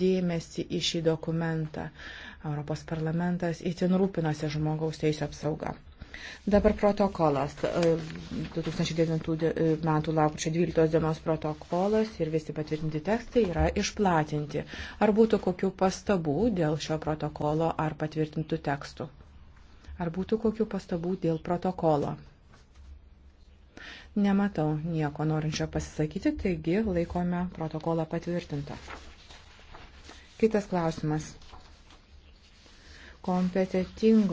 dėmesį į šį dokumentą. Europos parlamentas įtin rūpinosi žmogaus teisų apsauga. Dabar protokolas. 2009 m. lapkričio 12 dienos protokolas ir visi patvirtinti tekstai yra išplatinti. Ar būtų kokių pastabų dėl šio protokolo ar patvirtintų tekstų? Ar būtų kokių pastabų dėl protokolo? Nematau nieko norinčio pasisakyti, taigi laikome protokolą patvirtintą. Kitas klausimas. Kompetitingo